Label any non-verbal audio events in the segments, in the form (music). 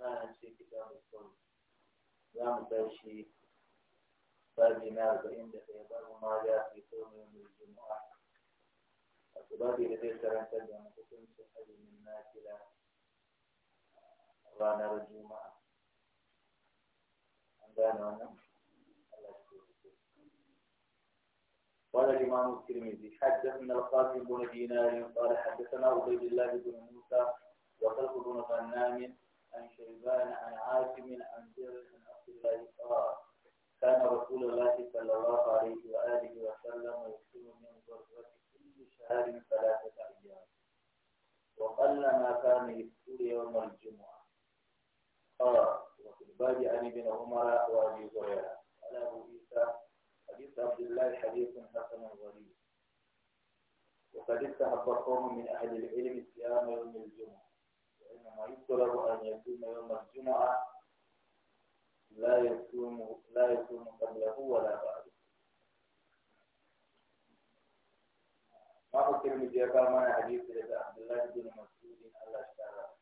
ما شيء كتاب الصوم زام تاشي بابي نار بإن باب ما جاء في صوم يوم الجمعة أسبابي لدي سران تدعم تكون سحب من ناكلة رانا الجمعة عندنا ونم قال الإمام الترمذي حدثنا القاسم بن دينار قال حدثنا عبيد الله بن موسى وخلف بن غنام عن شيبان عن عاصم عن سيرة عن عبد الله قال كان رسول الله صلى الله عليه وآله وسلم يقسم من غرفة كل شهر ثلاثة أيام وقل ما كان يفطر يوم الجمعة قال وفي الباب عن ابن عمر وأبي هريرة قال أبو عيسى حديث عبد الله حديث حسن غريب وقد استحب قوم من أهل العلم صيام يوم الجمعة إنما يكره أن يكون يوم الجمعة لا يكون لا يكون قبله ولا بعده. ما هو كلمة جاكا ما حديث رضا عبد الله بن مسعود الله اشترى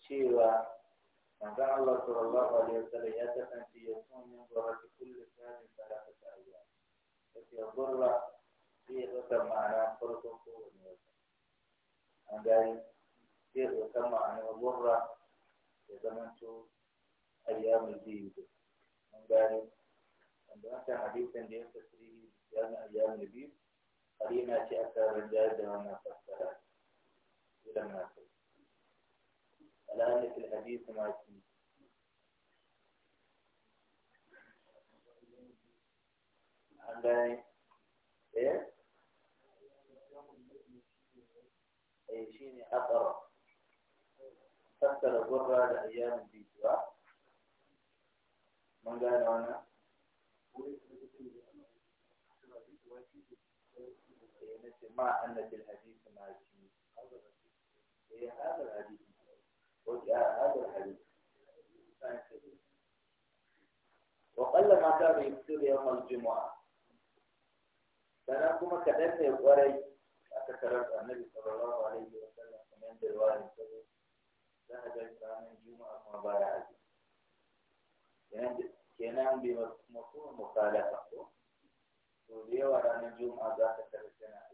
شيوا من كان الله صلى الله عليه وسلم يتفا في يصوم ينظر في كل سنة ثلاثة أيام ففي الضرة في غسل معناه فرطه an gani sai ɗaukar ma'anar gurra ya zamanto ayyamin biyu an gani wanda wancan hadisin da ya tasiri yana ayyamin biyu karina ce aka rinjar da wannan fassara idan na kai alhamdu fil hadisi eh ɗaya eh, shi ne haƙar tattara gurra da ayyamin bijuwa mun gane wannan ما أن ya الحديث ما هذا الحديث وجاء هذا الحديث وقل ما كان يكتب يوم jimawa. sannan kuma kaɗan ne ƙwarai اعتكرت النبي صلى الله عليه وسلم من دلوان الكبير ذهب الكرام جمعة مبايعة كنان بمصوع مخالفة وذي وران الجمعة ذات كرسنا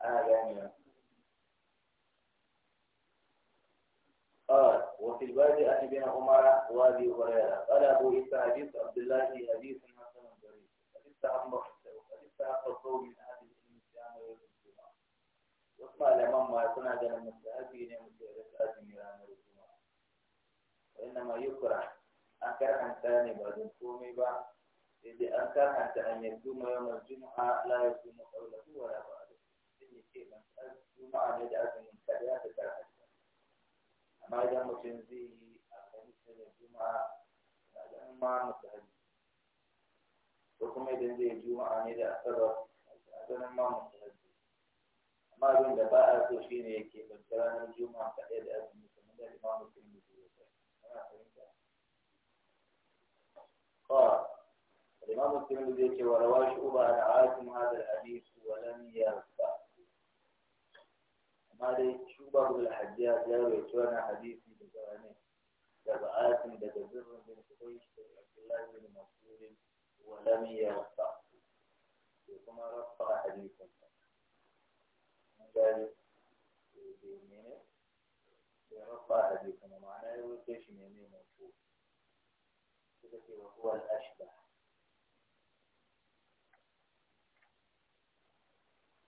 (laughs) آلانيا آه، يعني. قال وفي الوادي أن ابن عمر وابي هريرة قال أبو إسحاق عبد الله حديث يستعمر يستعمر من هذه الإنسان والجماعة وما لمن ما يكون هذا المستهبين مستهبين رانا الجماعة وإنما يكره أنكر أن تاني بعد قومي با إذا أنكر أن يصوم يوم الجمعة لا يصوم قوله ولا بعده إن شيء من الجمعة يجعل من كريات الكرهة أما إذا متنزيه أخميس الجمعة هذا ما نصح kuma idan zai juma'a ne da asabar a sanin ma musulunci amma abin da ba a so shi ne yake banta ranar juma'a kaɗai da azumi kamar da imamu sun yi zuwa kai ana fahimta قال الإمام الترمذي وروى شعبة عن عاصم هذا الحديث ولم يرفع ما دي شعبة بن الحجاج يا ويتوانا حديثي بزرانه دبعات دبزر بن قريش عبد الله بن مسعود ولم يرفعه ثم رفع حديثا قال بيمينه يرفع حديثا ومعناه يوجه من يمين موصول وهو الأشبه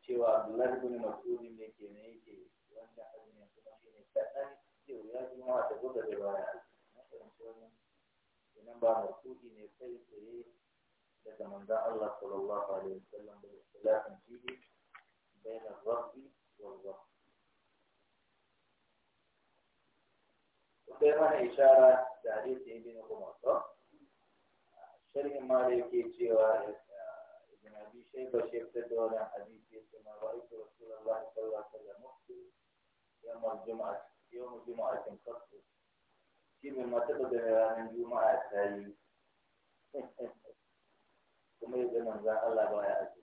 cewa Abdullahi bin Mas'ud ne ke ne yake wanda azumi kuma shi ne kaɗan yau ya ji ma ta goga da baya. Na fahimci wannan. Inan ba Mas'ud ne kai tsaye يتمنى الله صلى الله عليه وسلم بالاختلاف فيه بين الرب والرب وكما إشارة تعريف ابن قمصة شرح مالي كيتشي ابن أبي شيبة شيخ تدور عن حديثي كما رأيت رسول الله صلى الله عليه وسلم يوم الجمعة يوم الجمعة تنقص كيف ما تقدر من الجمعة التالية (laughs) kuma ya ga manzan Allah ba ya aji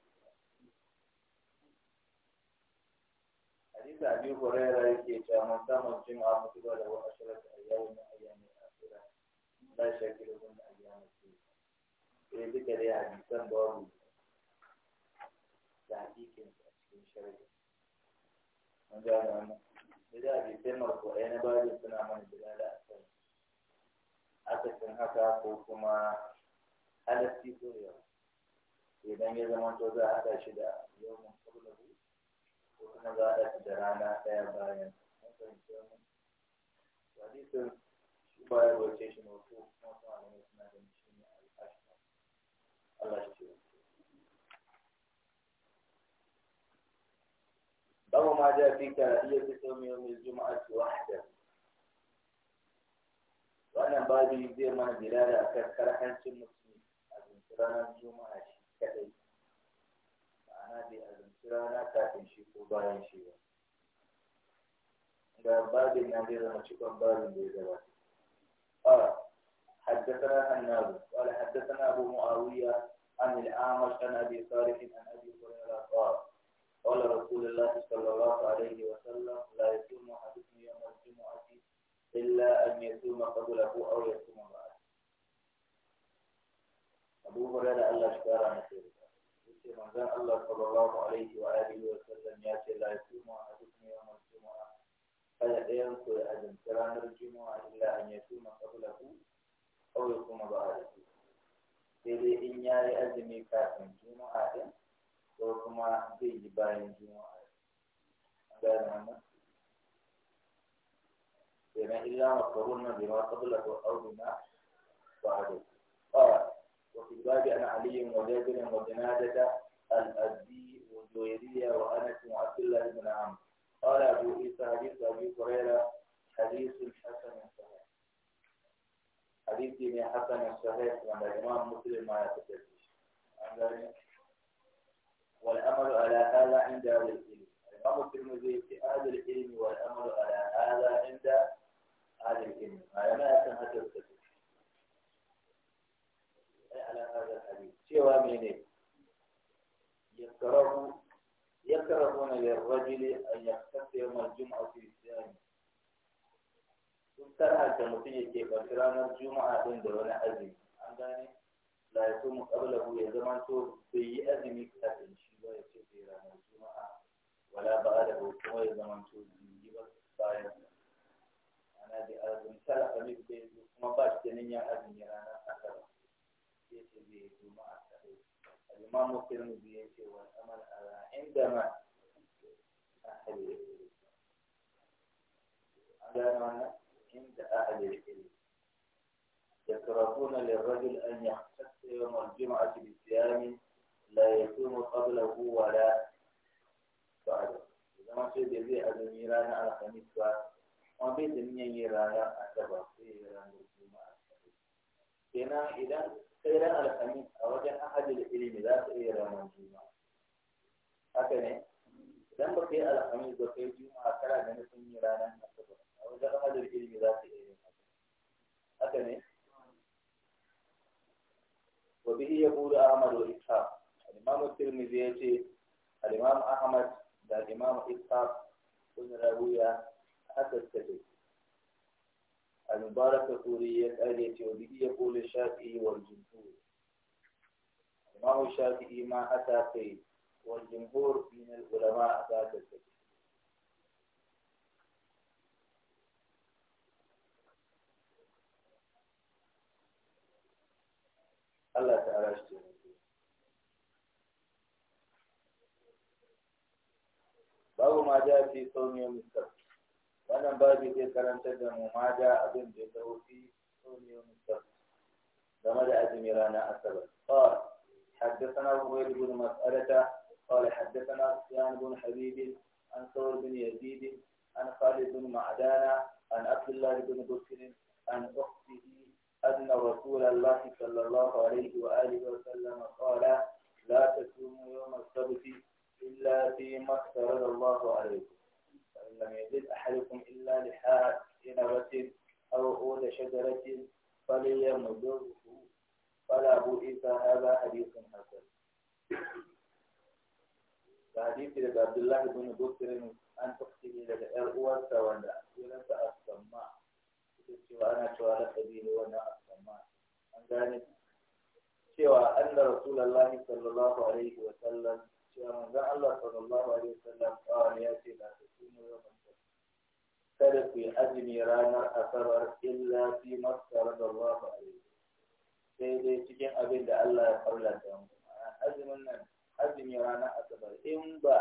hadisi abi hurairah yake cewa man sama jum'a mutuba da wa ashrat ayyamin ayyamin akhirah la shakilu min ayyamin sai duka dai hadisan babu da hakikin a cikin shari'a mun ga da wannan da da hadisan marfu'ai na babu suna mana bilala a kan akasin haka ko kuma halatti ko yawa idan ya zama to za a haɗa shi da yawon kablahu ko kuma za a haɗa shi da rana ɗaya bayan hadisin shi ba ya roce shi na wato kuma kuma a wani suna ganin shi ne al'ashma Allah shi ce babu ma ja fi kara'iyyar ta mai juma'a ce wahda wannan babu zai mana bilada a kan karhancin musulmi a ranar juma'a shi kaɗai ma'ana bai قال حدثنا النابي قال حدثنا أبو معاوية عن الأعمش عن أبي صالح عن أبي هريرة قال قال رسول الله صلى الله عليه وسلم لا يصوم أحدكم يوم الجمعة إلا أن يصوم قبله أو يصوم بعده أبو هريرة ألا شكرا نسير يسير من ذن الله صلى الله عليه وآله وسلم ياتي لا يسوم أحدكم يوم الجمعة فلا ينصر أحد كرام الجمعة إلا أن يسوم قبله أو يقوم بعده Jadi ini hari azmi kafir cuma ada, kalau cuma biji bayi cuma ada. Ada nama. Jadi ilham kebun nabi Muhammad Shallallahu Alaihi Wasallam. Oh, وفي الباب عن علي وجابر وجنادة الأزدي والجويرية وأنس وعبد الله بن عمرو قال أبو عيسى حديث أبي هريرة حديث حسن صحيح حديث حسن صحيح وعند الإمام مسلم ما يتكلمش والأمر على هذا عند أهل العلم الإمام الترمذي في أهل العلم والأمر على هذا عند أهل العلم هذا ما هذا cewa mene yakrahu yakrahuna lirrajuli an yaqtasa yawm aljum'ati bisiyam sun tarhata mutum yake ɓarfi ranar juma'a din da wani azumi an gane la ya mu ya zama to bai yi azumi kafin shi ba ya ce bai ranar juma'a wala ba da kuma ya zama to yi ba bayan ana da azumtar alif bai kuma ba shi da ya azumi ranar asabar sai ce bai juma'a الإمام الترمذي يشي والأمل على عندما أهل على عند أهل العلم يكرهون للرجل أن يختص يوم الجمعة بالصيام لا يكون قبله ولا بعده إذا ما شيء جزيء أدميران على خميس ما بيت من يرانا أتبع في يرانا الجمعة كنا إذا سيرا الخميس أوجه أحد الإليمات إلى منجمة أكنى لم بقي الخميس بقي الجمعة كلا جنس ميرانا أكبر أوجه أحد الإليمات إلى منجمة أكنى أعمل إسحاق الإمام الترمذي الإمام أحمد الإمام إسحاق قلنا له يا حدث المباركة الكوري يسأل وبه يقول الشافعي والجمهور ما هو الشافعي ما أتى فيه والجمهور من العلماء ذات الفكر الله تعالى اشتري باب ما جاء في صوم يوم السبت wannan babu zai karantar da mu ma da abin da ya zo fi sunni game da azumi ranar asabar qala حدثنا عبيد بن مسألة قال حدثنا سفيان بن حبيب عن ثور بن يزيد عن خالد بن معدان عن عبد الله بن بكر عن أخته أن رسول الله صلى الله عليه وآله وسلم قال لا تصوموا يوم السبت إلا فيما افترض الله عليكم لم يجد أحدكم إلا لحاء إنبة أو أول شجرة فليمضغه فلا بئس هذا حديث حسن حديث عبد الله بن بكر an tafsiri daga ‘yar uwarsa wanda sunansa Asamma, ita cewa ana cewa lakabi ne wannan Asamma, an gane cewa sallallahu wa cewa manzon Allah sallallahu alaihi wasallam kawai ya ce su la tasimu yawman kada ku yi azumi ranar asabar illa fi masar da Allah alaihi sai dai cikin abin da Allah ya farlanta mu azumin nan azumi ranar asabar in ba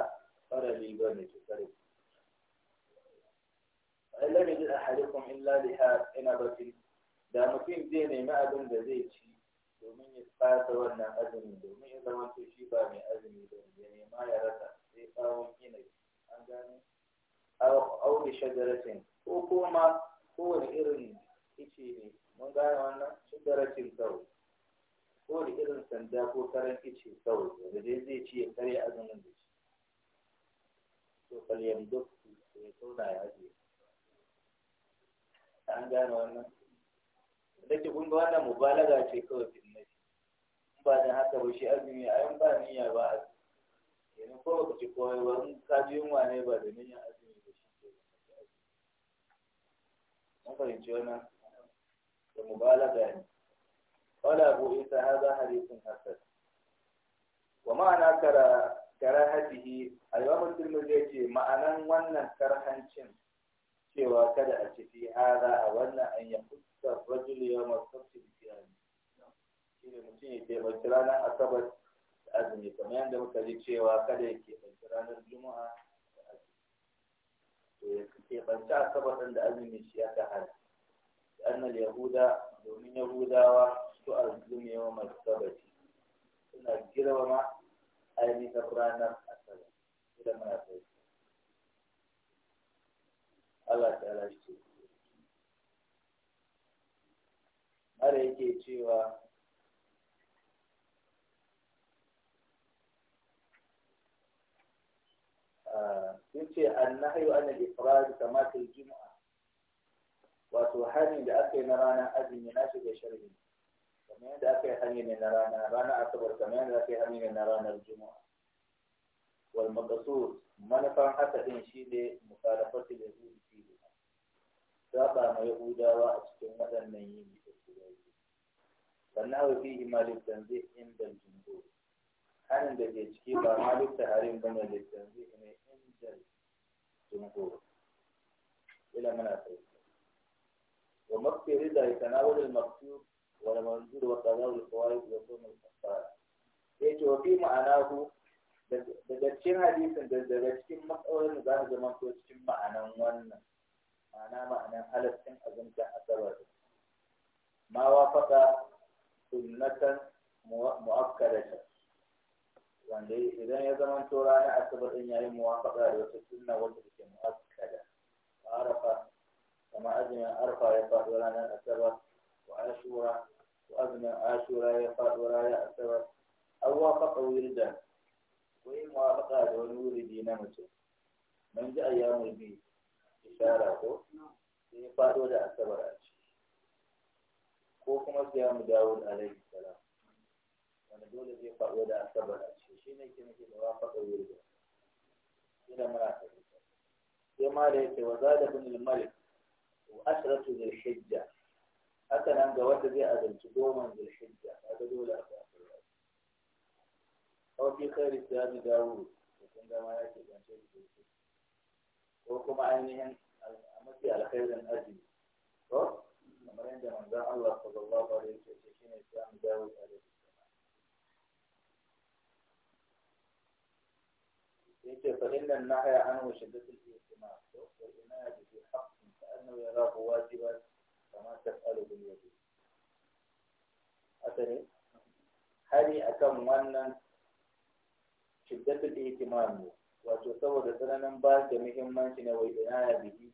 farali ba ne ki kare Allah ne a ahadikum illa liha ina bakin da mutum zai nemi abin da zai ci domin ya fata wannan azumin domin ya zama to shi ba mai azumi ba ne ma ya rasa sai tsawon inabi an gane aure shajaratin ko kuma kowane irin ice ne mun gane wannan shajaratin kawai kowane irin sanda ko karan ice kawai da dai zai ci ya karya azumin da shi to kalyan duk ya zauna ya ajiye an gane wannan nake kun ga wannan mubalaga ce kawai fitna in ba dan haka ba shi azumi yan ba niyya ba azumi yanzu ko ba ci ko ba in ka ji yunwa ne ba da niyya azumi ba shi ke da azumi mun fahimci wannan da mubalaga ne قال أبو عيسى هذا حديث حسن ومعنى كراهته الإمام الترمذي يقول ma'anan wannan karhancin cewa kada a ci fi hada a wannan an ya fuska rajul ya masarci da fiyani shi ne mutum ya keɓanci ranar asabar da azumi kamar yadda muka ji cewa kada ya keɓanci ranar juma'a da azumi to ya keɓanci asabar ɗin da azumi shi ya ta hana annal yahuda domin yahudawa su azumi yawan masu sabaci suna girma ainihin ranar asabar idan muna sai Allah ta ala Mara har yake cewa sun ah, ce an nahayu an al-ifrad kama ta juma'a wato hani da aka yi na ranar azumi na shiga sharhi kamar yadda aka yi hani ne na rana ranar asabar kamar yadda aka yi hani ne na ranar juma'a wal manufan haka din shine mukalafatu da zuci saba ma yahudawa a cikin waɗannan yin da turai sannan fi malik tanzi inda jumhur hanin da ke ciki ba malik taharin bane da tanzi ne inda jumhur ila mana sai wa maqsir da tanawul maqsud hadisin da daga cikin matsawar da za ta zama ko cikin ma'anan wannan ma'ana ma'anan halaccin azumta asabar ma wafaka sunnatan mu'akkadatan wanda idan ya zama to ranar asabar din yayin muwafaka da wata sunna wanda take mu'akkada arafa kama azumin arfa ya faɗo ranar asabar wa ashura wa azumin ashura ya faɗo ranar asabar awwa faɗa wirdan ko yin muwafaqa da wani wuridi na mutum man ji ayyamul bi ishara ko sai ya fado da asabar a ciki ko kuma sai mu dawo alaihi salam wanda dole zai fado da asabar a ciki shine ke nake da wafaqa wuridi ina mara fahimta sai ma da yake wa zada haka nan ga wanda zai azalci goma dhil a في خير السياد داوود يكون دا ما يكي بانشي بيسي وكما عينيهن أمتي على خير من أجل أمرين دا من الله صلى الله عليه وسلم شكين السياد داوود عليه السلام يكي فإن النحية عنه شدة الاجتماع والإناية في حق كأنه يراه واجبا فما تسأله باليد أتني هل أكم وانا shiddatul ihtimam ne wato saboda tsananin ba da muhimmanci na wai inaya bihi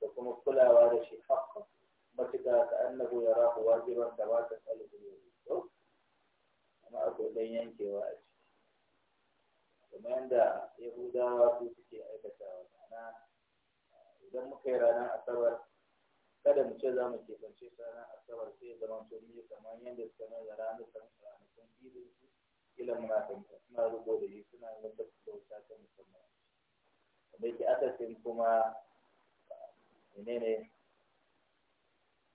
da kuma kulawa da shi haƙƙa matuƙa ka annabu ya rahu wajiban da ba ta tsalibin yau amma akwai ɗan yankewa a ciki kuma yadda yahudawa su suke aikatawa ma'ana eh, idan muka yi ranar asabar kada mu ce za mu keɓance ranar asabar sai ya zama to ne kamar yadda suka mai da ranar ranakun idin su kila muna fahimta suna rubo da shi suna wata bauta ta musamman wanda yake akasin kuma menene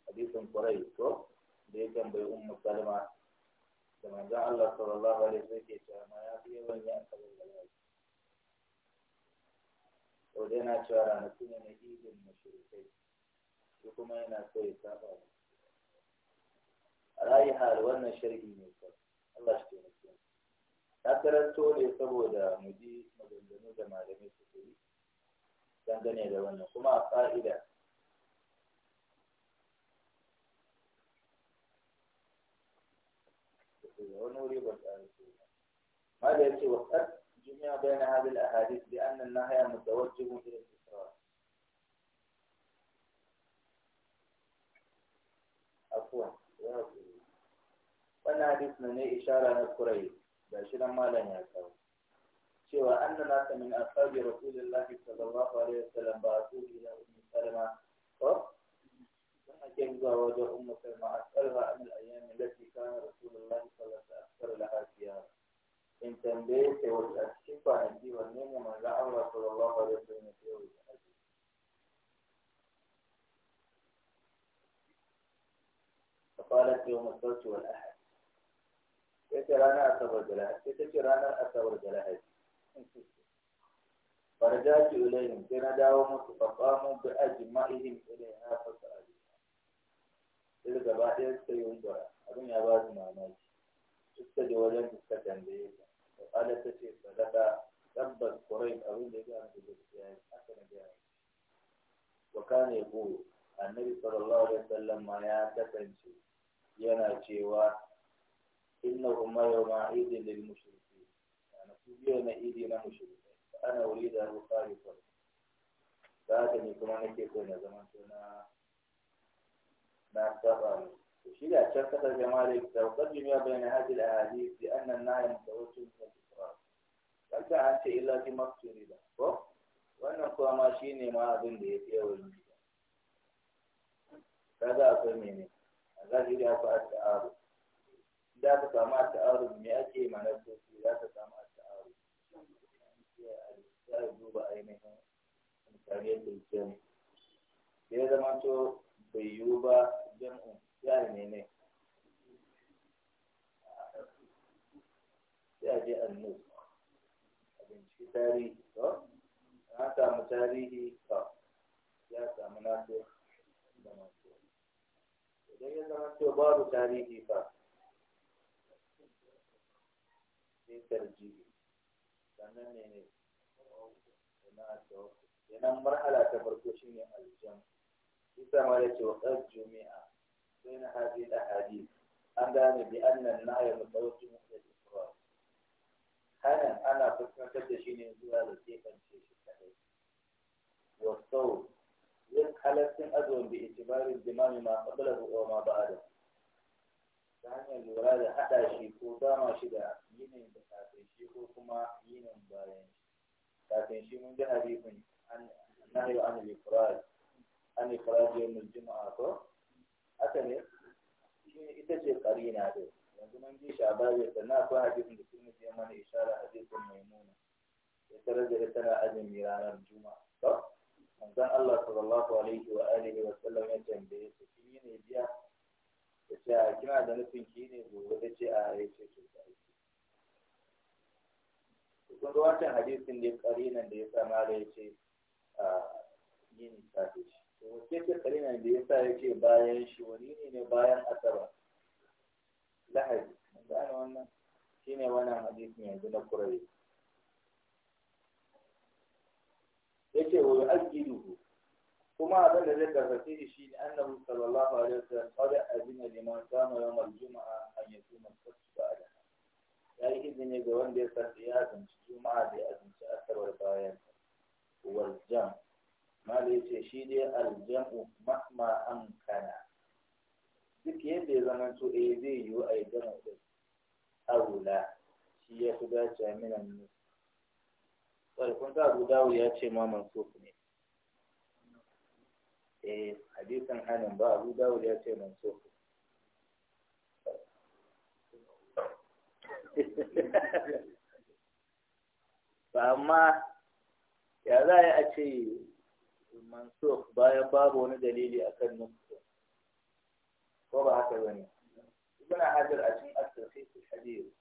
hadisin kurai ko da ya tambayi ummu salma da manzon Allah sallallahu alaihi wasallam ke cewa ma ya fi yawan yin kabar galaji to dai na cewa ranaku ne na idin mashirikai shi kuma yana so ya saba a rayi hal wannan sharhi ne ko Allah shi ke. ta karanto ne saboda mu ji maganganu da malamai su yi dangane da wannan kuma a ƙa'ida wani wuri ba ta ما لا يأتي وقت جميع بين هذه الأحاديث لأن النهي متوجه إلى الإسرار عفوا وأنا حديثنا إشارة نذكرين ga shi nan malam ya kawo cewa annana ta min ashabi rasulillahi sallallahu alaihi wasallam ba su ila ummu salama ko sun ake zuwa wajen ummu salama asarha an al-ayyam allati kana rasulullahi sallallahu alaihi wasallam laha ziyara in tambaye ta wata a cikin kwanaki wanne ne manzo Allah sallallahu alaihi wasallam ya yi فقالت يوم السبت والأحد ya ce ranar asabar da lahadi sai ta ce ranar asabar da lahadi farjati ilayhim sai na dawo musu faqamu bi ajma'ihim ilayha fa sa'alu sai gaba ɗaya suka yi umbara abin ya ba su mamaki suka je wajen suka tambaye ta da kala ta ce sadaka tabbas kurai abin da ya gaya da gaskiya ya aka na gaya wa kana yaqulu annabi sallallahu alaihi wasallam ma ya kasance yana cewa إنهم يوم عيد للمشركين يعني في يوم عيد مشركين فأنا أريد أن أخالف لكن يكون هناك يكون زمان كنا نعتبر وشيء أتشكت الجمال تقدم بين هذه الأحاديث لأن النائم متوجه في الإفراد لم تعد إلا في مقصود إذا وأن أقوى ماشيني ما أظن به في أول كذا أفهمني هذا يجب أن أتعرف za ka samu a ta'arun mai ake mana sosai za ka samu a ta'arun za a duba ainihin amfani da jami ya zama to bai yiwu ba jam'in ya ne ne ya je annu a binciki tarihi to an samu tarihi to ya samu nasu da masu idan ya zama to babu tarihi fa sai tarjihi sannan ne ne kenan marhala ta farko shine aljam isa ma yace wa qad jumi'a Sai na hadhihi da ahadith an gane bi nan na nahya mutawajjih ila al-ifrad hana ana fuskantar da shi ne zuwa da kekan ce shi kadai wa sau yin halattun azumin bi itibarin dimami ma qablahu wa ma ba'da ta hanyar lura da haɗa shi ko dama shi da yinin da kafin shi ko kuma yinin bayan shi kafin shi mun ji hadisin nahyu an al-ifrad an ifrad yawm al-jum'a ko haka ne shi ita ce qarina da yanzu mun ji shi a da na akwai hadisin da sun ji mana isharar hadisin maimuna ya tarar da tana azumi ranar juma'a ko manzon Allah sallallahu alaihi wa alihi wa sallam ya tambaye su kin yi ne biya ya ce a kina da nufin ki ne gobe da ce a ya ce to sai kun ga wancan hadisin da karinan da ya sa mala ya ce a yin tafi shi to wace ce karinan da ya sa ya ce bayan shi wani ne ne bayan asaba lahadi mun gane wannan Shi ne wannan hadisin yanzu na kurare yace wa yu'ajjiluhu kuma abin da zai karfafe shi shi ne annabi sallallahu alaihi wasallam qad azina liman sama yawm al-jum'a an yasuma as-sabt ala ya yi izini ga wanda ya sarfi ya azumci juma'a da ya azumci asabar bayan wal jam mali yace shi ne al-jam'u mahma amkana duk yadda ya zama to eh zai yiwu a yi gama aula shi ya fi dace minan nus wal kun ta Abu dawo ya ce ma mansuf ne eh hadisin hanin ba abu dawud ya ce mun so ba amma ya za a ce mansuf bayan babu wani dalili akan nufsu ko ba haka zane ibn hajar a cikin at su al-hadith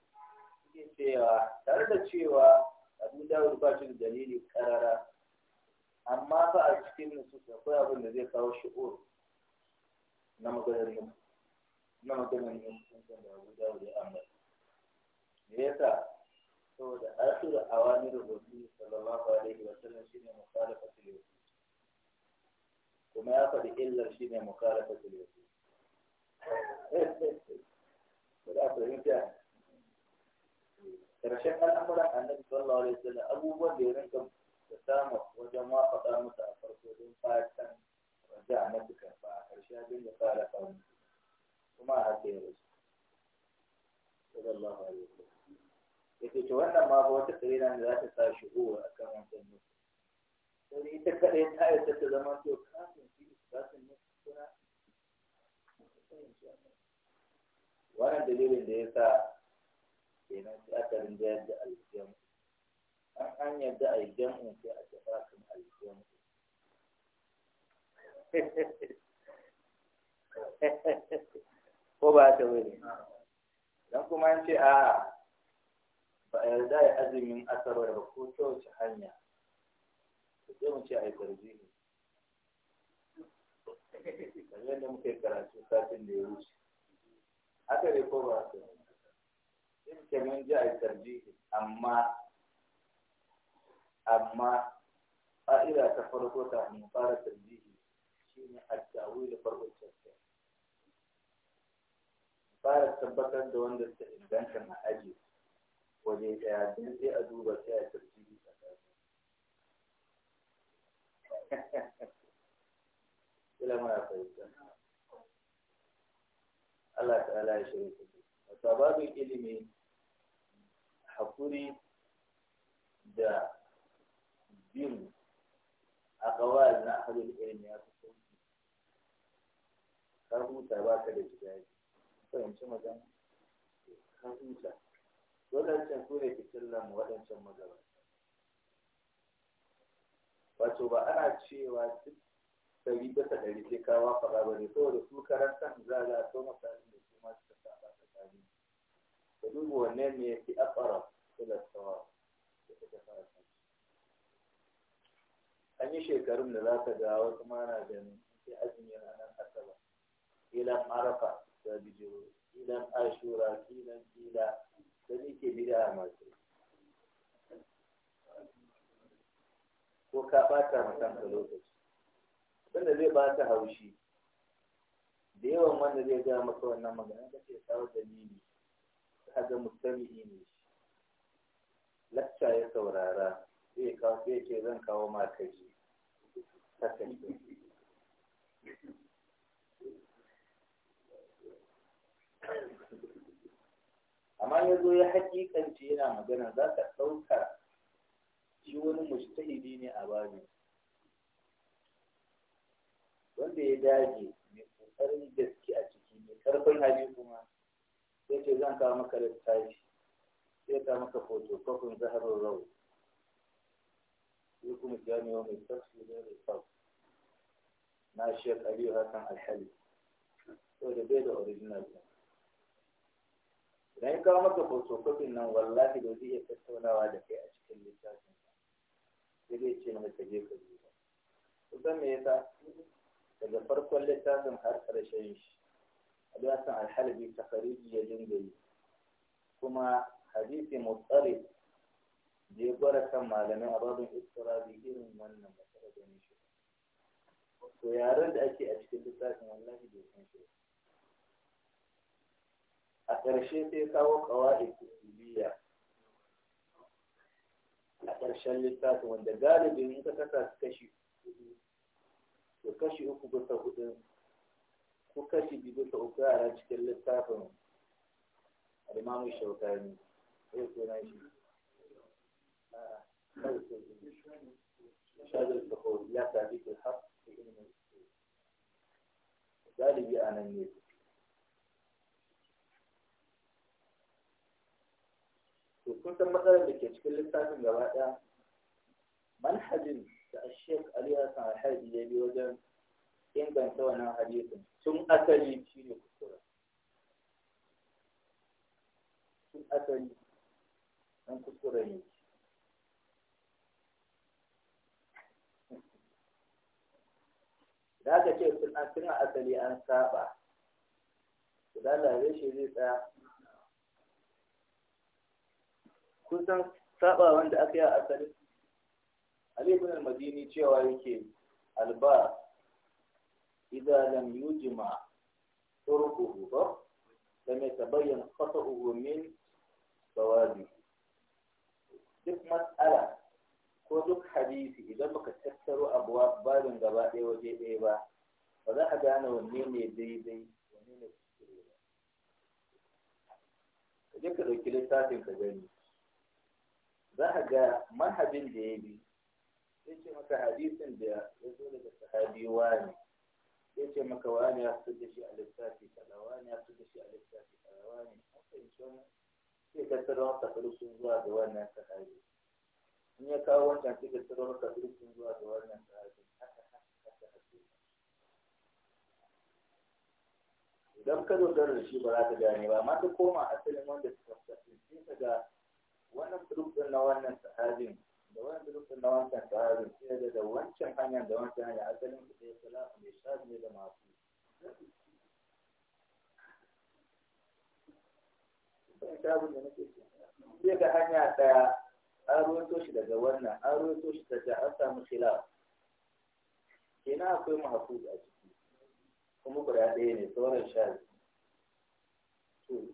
cewa tare da cewa Abu dawo ba shi da dalili karara amma fa a cikin nusus akwai abin da zai kawo shi'ur na maganar yin na maganar yin kusan da abu dawo da amma me yasa saboda asir awamir rubutu sallallahu alaihi wa sallam shine mukhalafatul yahud kuma ya faɗi illar shine mukhalafatul yahud kada fahimta karshen al'amuran annabi sallallahu alaihi wa sallam abubuwan da ya rinka da samu wajen wafaɗa musu a farko don fatan raja na duka ba a ƙarshe abin da fara faru kuma a haka ya rasu. Sallallahu alaihi wa sallam. Yake ce wannan ma ba wata tsirina da za ta sa shigo a kan wancan mutum. Sai ita kaɗai ta yi ta zama to kafin shi za su mutu suna. Wannan dalilin da ya sa kenan sai aka rinjayar da aljiyamu an an yadda a yi jam'in sai a shafa kan aljihun ko ba ta wuri don kuma an ce a ba a yarda ya azumin asabar ba ko ta wace hanya ta ce mu ce a yi tarjihi kamar yadda muka yi karatu satin da ya wuce haka dai ko ba ta wuri sai mu ce mun ji a yi tarjihi amma amma fa'ida ta farko ta mun fara tarjihi shine at da farko tafsir fara tabbatar da wanda ta inganta na aji waje daya don sai a duba sai a tarjihi tsakanin (laughs) ila mana fahimta Allah ta'ala ya shirya wasu babin ilimi hakuri da bin akawal na ahalul ilmi ya fi sauki ka huta ba ka da jidaji fahimci magana ka huta wadancan su ne fitillan wadancan magabata wato ba ana cewa duk ɗari bisa ɗari sai ka wafa ba ne saboda su karantan za a so da su ma suka saba tsakanin ka duba wanne ne ya fi afara ila tsawa da ta fara an yi shekarun da za ka ga wasu mana ganin sai azumi nan asaba ilan arafa da bijiro ilan ashura ilan kila da ni ke bida a masu ko ka bata ma kanka lokaci wanda zai bata haushi da yawan wanda zai gaya maka wannan magana da ke kawo dalili ta ga mutane ne lakca ya saurara sai kawo sai ce zan kawo ma amma ya zo ya hakikanci yana magana za ka ɗauka shi wani mustahidi ne a bani. wanda ya dage mai ƙoƙarin gaske a ciki mai ƙarfin hali kuma sai ce zan kawo maka littafi sai ka maka fotokofin zaharar rauni يكون الجامع يوم السبت لغير الصوت مع الشيخ علي هاتم الحلي وده بيد اوريجينال idan ya kawo maka fotokofin nan wallahi da zai iya tattaunawa da kai a cikin littafin sai zai ce maka je ka duba kusan me yasa daga farkon littafin har ƙarshen shi abin san alhalbi ta fariji ya dinga yi kuma hadisi mutsari da ya gwada kan malamai a babin da irin wannan masara da nishi to yaren da ake a cikin littafin wallahi bai san shi a ƙarshe sai kawo kawai kusuliya a ƙarshen littafin wanda galibin in ka kasa su kashi to kashi uku bisa hudu ko kashi biyu bisa uku yara cikin littafin al-imamu shaukani sai sunan shi شهادة الدخول لا تعديك الحق ذلك أنا النية kun san matsalar da ke cikin littafin gaba ɗaya manhajin da ashek ali hassan alhaji ya bi wajen inganta wannan hadisin tun asali shi ne kuskure tun asali an kuskure ne da aka ce sun an tuna asali an saba to da Allah shi zai tsaya kun san saba wanda aka yi a asali Ali ibn al cewa yake alba idza lam yujma turquhu ba lam yatabayyan khata'uhu min sawabi duk mas'ala ko duk hadisi idan baka tattaro abuwa babin gaba ɗaya waje ɗaya ba ba za a gane wanne ne daidai wanne ne kuskure ba ka je ka ɗauki littafin ka gani za a ga mahabin da ya bi sai ce maka hadisin da ya zo daga sahabi wani sai ce maka wani ya fito da shi a littafi kaza wani ya fito da shi a littafi kaza wani an fahimci wannan sai tattaro masa farko zuwa ga wannan sahabi in ya kawo wancan sai ka tsaro maka birkin zuwa ga wannan tsari haka haka haka haka idan ka dogara da shi ba za ka gane ba amma ka koma asalin wanda suka fasi sai ka ga wannan birkin na wannan sahabin da wannan birkin na wancan sahabin sai ga da wancan hanyar da wancan hanyar asalin su ya salafu mai shafi ne da masu ce ta sai ga hanya ɗaya an shi daga wannan an shi daga an samu khilaf Ina akwai mahfuz a ciki kuma guda ɗaya ne sauran sha to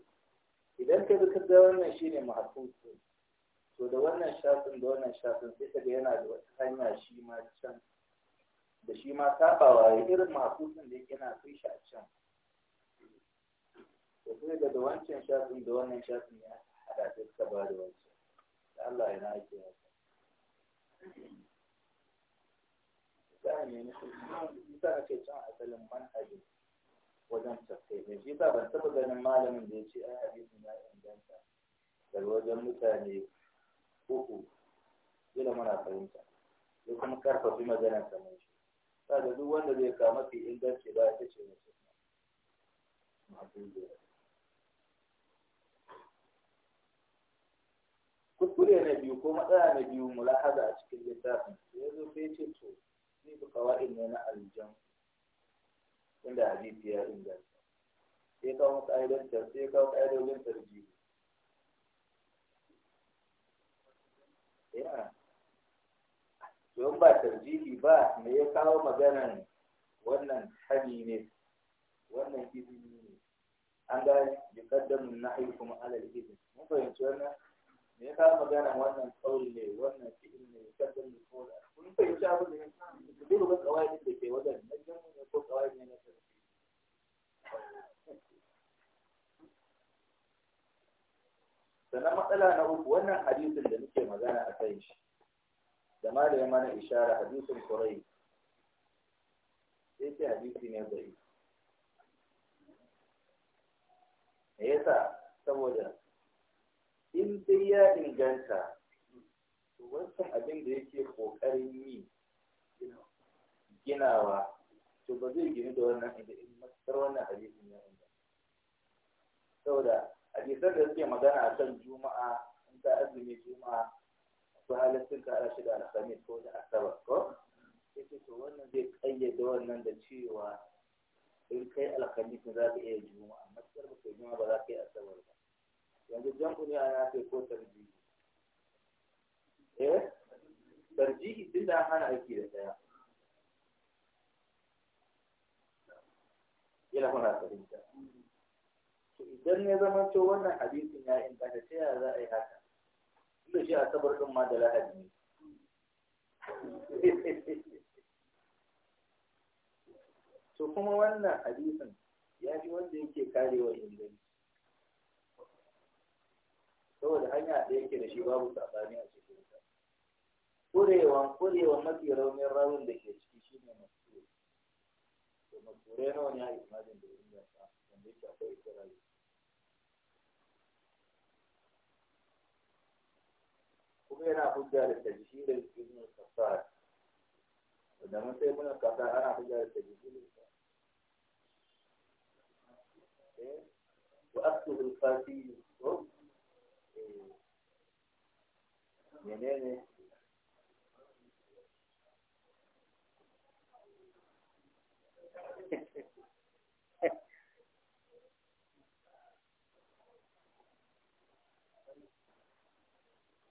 idan ka bi ga wannan shine mahfuz to da wannan shafin da wannan shafin sai ka ga yana da wata hanya shi ma can da shi ma sabawa ya irin mahfuzin da yake na kai shi a can to sai da wancan shafin da wannan shafin ya hada sai ka ba da wancan Allah ya nake za ne za a ce can asalin manhajin wajen Me shi sa ban taɓa ganin malamin da ya ce ai hadisin ya inganta daga wajen mutane uku yana mana fahimta ya kuma karfafi maganar kamar shi Sa da duk wanda zai kama fi inganci ba ita ce mutum kuskure na biyu ko matsala na biyu mulahaza a cikin littafin ya zo sai ce to ni bu kawa'in ne na aljan inda hadisi ya inganta sai ka kawo ƙa'idar sai ka kawo ƙa'idojin Ya. don ba tarjihi ba me ya kawo maganan wannan hani ne wannan izini ne an ga bi kaddamun na kuma ma'alar izini mun fahimci wannan me ya kawo magana wannan tsauri ne wannan fi'il ne kaddan ne ko da kun fahimci abin da ya duk ba kawai da ke wajen na jamu ne ko kawai ne na sarki sannan matsala na uku wannan hadisin da muke magana a kai shi da ma da ya mana ishara hadisin kurai sai ce hadisi ne bai me yasa saboda in dai ya inganta to wancan abin da yake kokarin yi ginawa to ba zai gini da wannan inda in matsar wannan hadisin ya inganta saboda hadisan da suke magana a kan juma'a in ka azumi juma'a su halittun ka ala shida alhamis ko da asabar ko yake to wannan zai kayyade wannan da cewa in kai alhamis za ka iya juma'a matsar ba kai juma'a ba za ka yi asabar ba yanzu Jan ne a ya kai ko tarjihi eh tarjihi din da hana aiki da daya Yana muna fahimta to idan ya zama to wannan hadisin ya inganta ta yaya za a yi haka duk shi a sabar din ma da lahadi ne (laughs) to kuma wannan hadisin ya fi wanda yake karewa inganci saboda hanya da yake da shi babu sabani a cikin sa kurewan kurewan mafi raunin rawun da ke ciki shi ne masu to masu nawa ne a imajin da yin yasa wanda yake akwai ikirari kuma yana hujja da tajhirin ibn kasar Wanda mun sai muna kasar ana hujja da da tajhirin eh? wa aslu al-fasih ما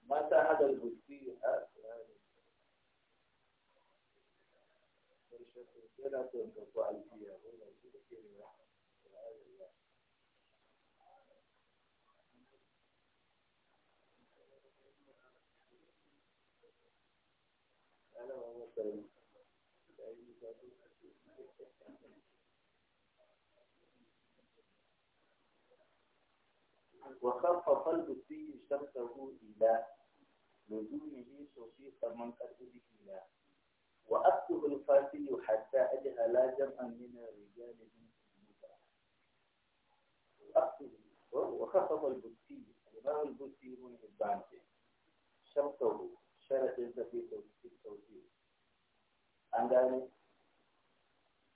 متى هذا البستي يعني وخاف قلب الدين شمسه إلى نجومه شوفيق من قد إلى وأكتب القاتل حتى أجهل جمعا من الرجال من وأكتب وخطب البستي الإمام البستي بن حبان شمسه sharadin tafi fi tauki an gane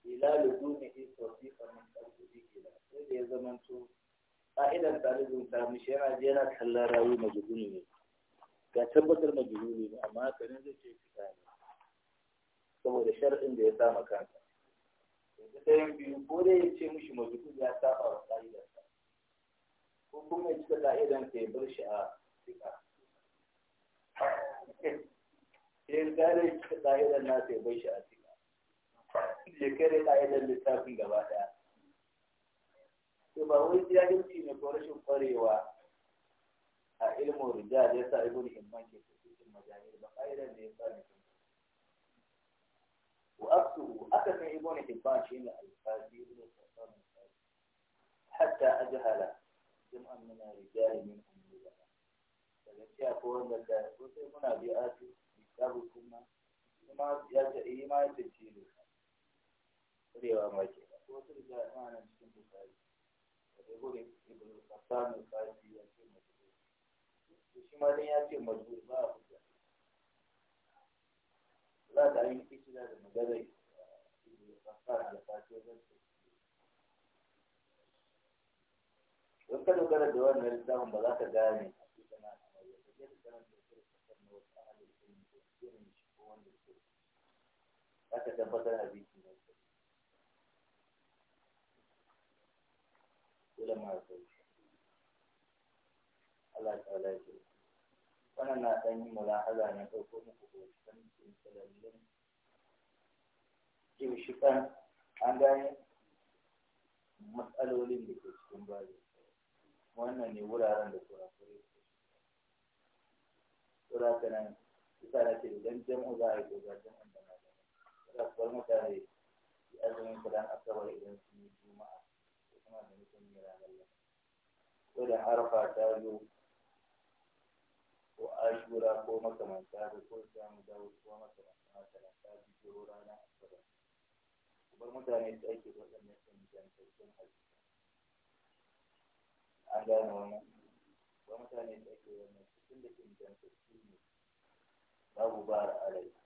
ila luzumi sauki tauki min qalbi ila sai da ya zamanto ka'idan talibin ta mishi yana je yana kallon rawi majhuli ne ga tabbatar majhuli ne amma hakanin zai ce fita ne saboda sharadin da ya sa makansa yanzu ɗayan biyu ko dai ya ce mishi majhuli ya saba wa ka'idarsa ko kuma ya cika ka'idan ka ya bar shi a fika in gane ƙa'idar nasa ya bai shi a cika ya kare ƙa'idar littafin gaba ɗaya to ba wai jahilci ne ko rashin ƙwarewa a ilmin rijal ya sa ibn himman ke cikin majahil ba ƙa'idar da ya sa ne wa aksu aka san ibn himman shi ne alfazi ibn hatta ajhala jam'an min rijal min gaskiya akwai wanda da ko sai muna bi su babu kuma kuma ya yi eh, ma ya ci ne kurewa ma ke ko su da ina nan cikin bukari da dai gure ibnu al-qasi ya ce majbur shi ma dai ya ce majbur ba a hujja za ta yi kici da magana eh, ibnu qasan al-qasi ya ce Don ka dogara da wannan littafin ba za ka gane za ka tabbatar hadisi ne dole ma ya kai Allah ta lafiya wannan na ɗan yi mulahaza ne ɗauko muku hoton tsintsilalin ginshiƙan an gane matsalolin da ke cikin bayan wannan ne wuraren da kurakurai ke kura ta nan isa da ke idan jam'u za a yi ko ga jam'u kasuwar mutane yi azumin kudan asabar idan sun yi juma'a ko kuma da mutum yi ranar yau ko da harfa ta ko ashura ko makamanta da ko samu dawo ko makamanta masana biyo rana asabar bar mutane su aiki da waɗannan ingantattun hadisi an gane wannan ba mutane su aiki da wannan babu bara alai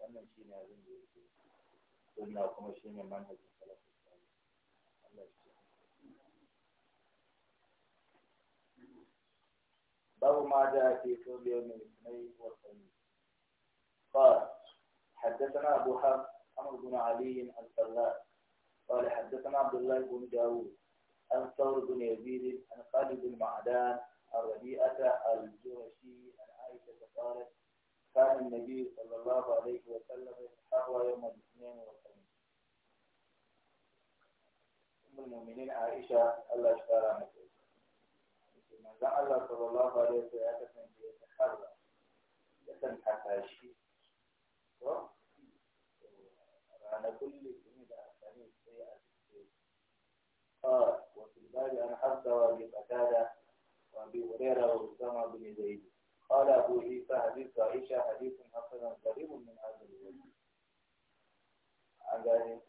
wannan shi ne abin da yake kuma shi ne manhajin salafin ما جاء في كل يوم الاثنين قال حدثنا ابو حفص عمرو بن علي الفلاح قال حدثنا عبد الله بن داوود عن ثور بن يزيد عن خالد بن معدان عن ربيعه الجرشي عن عائشه قالت كان النبي صلى الله عليه وسلم يتحرى يوم الاثنين والخميس أم المؤمنين عائشة الله اشترى مثل من الله صلى الله عليه وسلم يتحرى يتنحف هالشيء أنا كل الاثنين الخميس في أساسية قال وفي الباب أنا حتى وأبي قتادة وأبي هريرة وأسامة بن زيد قال أبو عيسى حديث عائشة حديث حسن قريب من هذا الوجه عن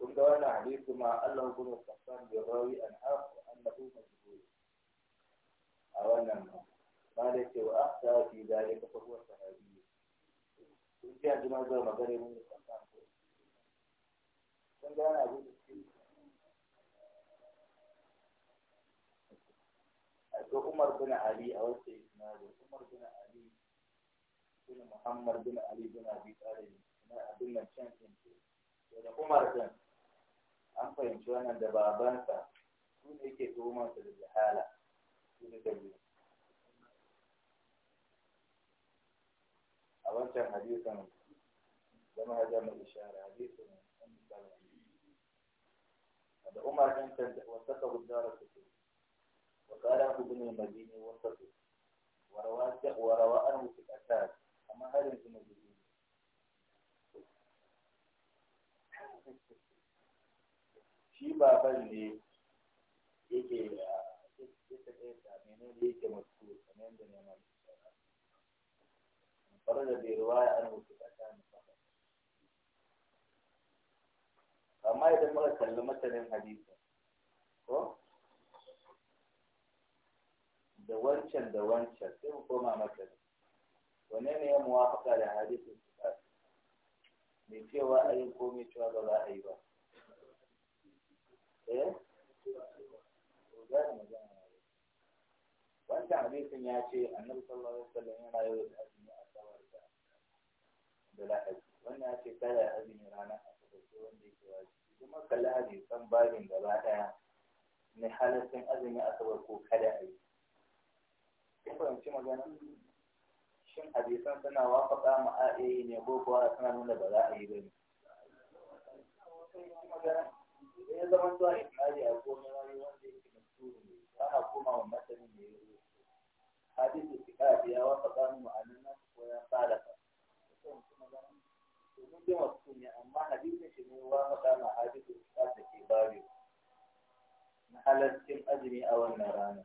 قلت وأنا حديث مع أنه كن القحطان بالراوي أن أخو أنه مجهول أو أولا مالك وأخطأ في ذلك فهو صحابي كنت عند ماذا مغرب بن القحطان كنت أنا أقول عمر بن علي أو سيدي مالك عمر بن علي بن محمد بن علي بن ابي طالب na abin nan can ɗin da umar ɗin an fahimci wannan da babansa su ne yake tuhumarsa da jahala su da dabi a wancan hadisan zama ya zama ishara hadisan an salama da umar ɗin can da ta gudara su ce wa ƙara ku ne madini wasaka warawa an wuce ƙasa amma har yanzu na ne. shi baban ne yake yake ɗaya menene yake masu kamar yadda ne mai farar da bai ruwa ya an wuce ƙasar amma idan mara kalli matanin hadisi ko da wancan da wancan sai mu koma maka wane ne ya muwafaka da hadisin sifat mai cewa a yi komai cewa ba za a yi ba eh wancan hadisin ya ce annabi sallallahu alaihi wasallam yana yau da azumi a sawar da da lahadi wannan ya ce kada azumi ranar asabar sai wanda yake wajibi kuma kalli hadisan babin gaba daya ne halittin azumi asabar ko kada a yi kun fahimci magana shin hadisan suna wafaka ma a yi ne ko kuwa suna nuna ba za a yi ba ne ya zama zuwa isnadi a komai wani wanda yake mutune ana koma wa masanin da ya zo hadisi tikati ya wafaka mu ma'anin nan ko ya sadaka domin bin wasu ne amma hadisin shi ne wa faɗa ma hadisin tikati da ke bari na halarcin azumi a wannan rana.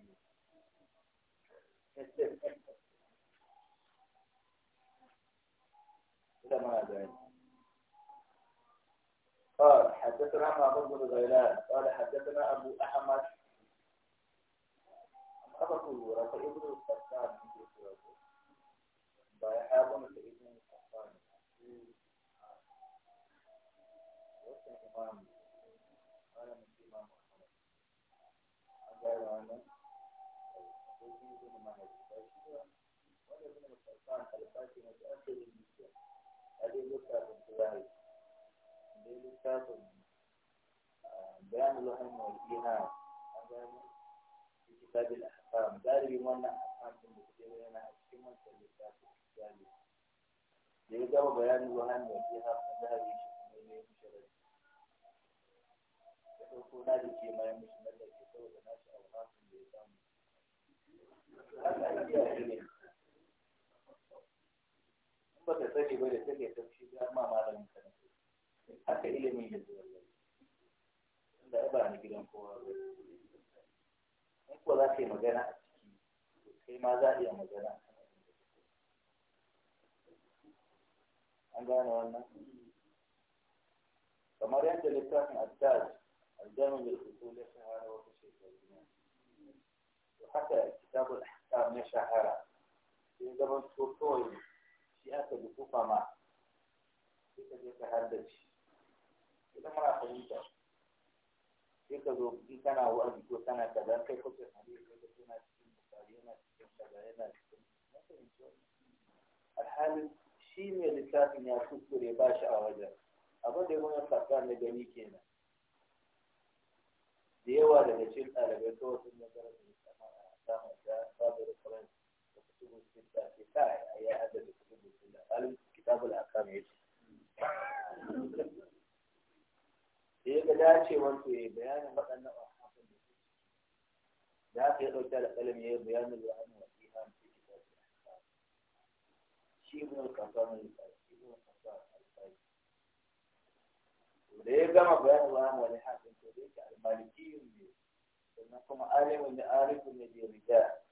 قال حدثنا معمر بن غيلان قال حدثنا أبو أحمد أبو رفع بن القسام بن سورته بايحاء بن سعيد بن القسام وسن قال من إمام أحمد أجاب عنه بيان الوهم والإيهام في كتاب الأحكام داري وانا أحكام في المسلمين أشكما في الكتاب الإسلامي يبدأ بيان الوهم والإيهام داري شكما يمشي يقول نادي كيما يمشي مدى كتاب ناشئ أو خاص بإسلام هذا هي ba ta sani ba da take tafi da ma malamin ka haka ilimin da zuwa da ba ni gidan kowa ba in ko za ka yi magana a ciki kai ma za a iya magana an gane wannan kamar yadda littafin addaj aljamin da usul ya shahara wata shekaru ne to haka kitabul ahkam na shahara sai gaban to kawai shi aka dukufa ma sai ka je ka haddace ita mara fahimta sai ka zo in kana wa'azi ko kana kaza kai kuka sani kai ka tana cikin bukari yana cikin kaza yana cikin mutane. alhalin shi ne littafin ya kuskure ba shi a wajen abin da ya kuma kasa na gani kenan da yawa daga cikin ɗalibai ta sun yi gara da musamman a samun da الكفاية هي أدب كتب الله قال كتاب الأحكام يجي sai ga dacewarsu ya yi bayanin waɗannan ahkafin da su da ka yi ɗauke da kalam ya yi bayanin wa'ani wa iman fi kitabi shi ibn al-qassam ibn al-qassam al-fayy da ya gama bayanin wa'ani wa ihsan to da yake al-maliki ne sannan kuma alimin da arifin ne bi rida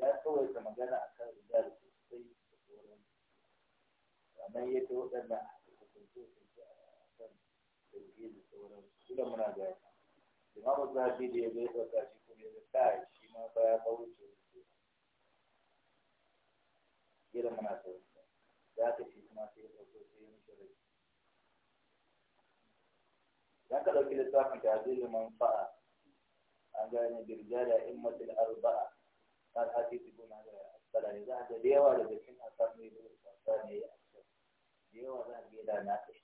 ya tsawaita magana a kan riga da sosai da sauran kamar yadda waɗanda a hukunce-hukunce a kan riga da sauran su da muna gaya imamu zafi da ya zai ɗauka shi kuma ya ta shi ma ba ya kawo ce wuce gida muna sauransa za ka shi kuma sai ya ɗauko sai ya mishi rai za ka ɗauki littafin ta zai manfa'a an gane birjala immatul arba'a قال حديث ابن عمر السلمي ذهب ديوا لبسم أصابني بالإنسان ديوا ذهب إلى ناقش